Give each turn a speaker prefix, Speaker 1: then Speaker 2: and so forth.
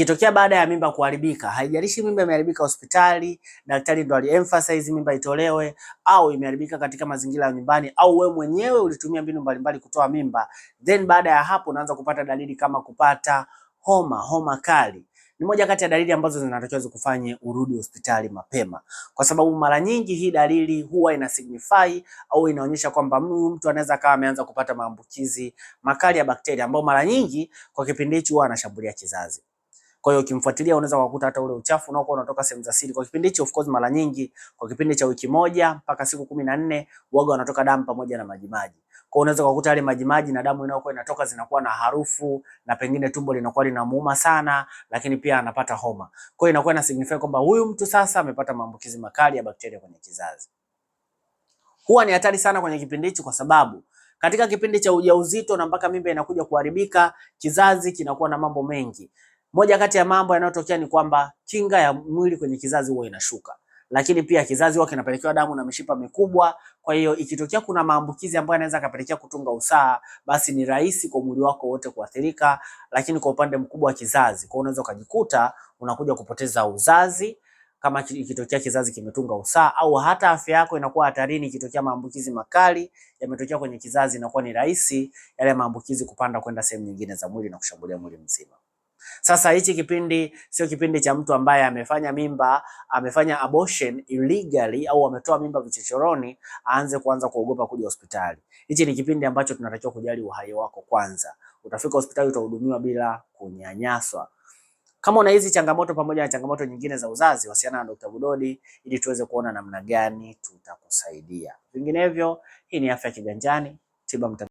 Speaker 1: Kitokea baada ya mimba kuharibika, haijalishi mimba imeharibika hospitali, daktari ndo aliemphasize mimba itolewe, au imeharibika katika mazingira ya nyumbani, au we mwenyewe ulitumia mbinu mbalimbali kutoa mimba, then baada ya hapo unaanza kupata dalili kama kupata homa, homa kali ni moja kati ya dalili ambazo zinatakiwa zikufanye urudi hospitali mapema, kwa sababu mara nyingi hii dalili huwa ina signify au inaonyesha kwamba mtu anaweza akawa ameanza kupata maambukizi makali ya bakteria ambao mara nyingi kwa kipindi hicho huwa anashambulia kizazi. Kwa hiyo ukimfuatilia unaweza kukuta hata ule uchafu unaokuwa unatoka sehemu za siri. Kwa kipindi hicho of course mara nyingi kwa kipindi cha wiki moja mpaka siku kumi na nne uoga wanatoka damu pamoja na majimaji. Kwa hiyo unaweza kukuta yale majimaji na damu inayokuwa inatoka zinakuwa na harufu na pengine tumbo linakuwa linamuuma sana, lakini pia anapata homa. Kwa hiyo inakuwa ina signify kwamba huyu mtu sasa amepata maambukizi makali ya bakteria kwenye kizazi. Huwa ni hatari sana kwenye kipindi hicho kwa sababu katika kipindi cha ujauzito na mpaka mimba inakuja kuharibika, kizazi kinakuwa na mambo mengi. Moja kati ya mambo yanayotokea ni kwamba kinga ya mwili kwenye kizazi huwa inashuka, lakini pia kizazi huwa kinapelekewa damu na mishipa mikubwa. Kwa hiyo ikitokea kuna maambukizi ambayo yanaweza kapelekea kutunga usaha, basi ni rahisi kwa mwili wako wote kuathirika, lakini kwa upande mkubwa wa kizazi, kwa unaweza ukajikuta unakuja kupoteza uzazi kama ikitokea kizazi kimetunga usaha, au hata afya yako inakuwa hatarini. Ikitokea maambukizi makali yametokea kwenye kizazi, inakuwa ni rahisi yale maambukizi kupanda kwenda sehemu nyingine za mwili na kushambulia mwili mzima. Sasa hichi kipindi sio kipindi cha mtu ambaye amefanya mimba, amefanya abortion illegally au ametoa mimba vichochoroni aanze kuanza kuogopa kuja hospitali. Hichi ni kipindi ambacho tunatakiwa kujali uhai wako kwanza. Utafika hospitali utahudumiwa bila kunyanyaswa. Kama una hizi changamoto pamoja na changamoto nyingine za uzazi, wasiana na Dr. Budodi ili tuweze kuona namna gani tutakusaidia. Vinginevyo, hii ni afya kiganjani, tiba mtandao.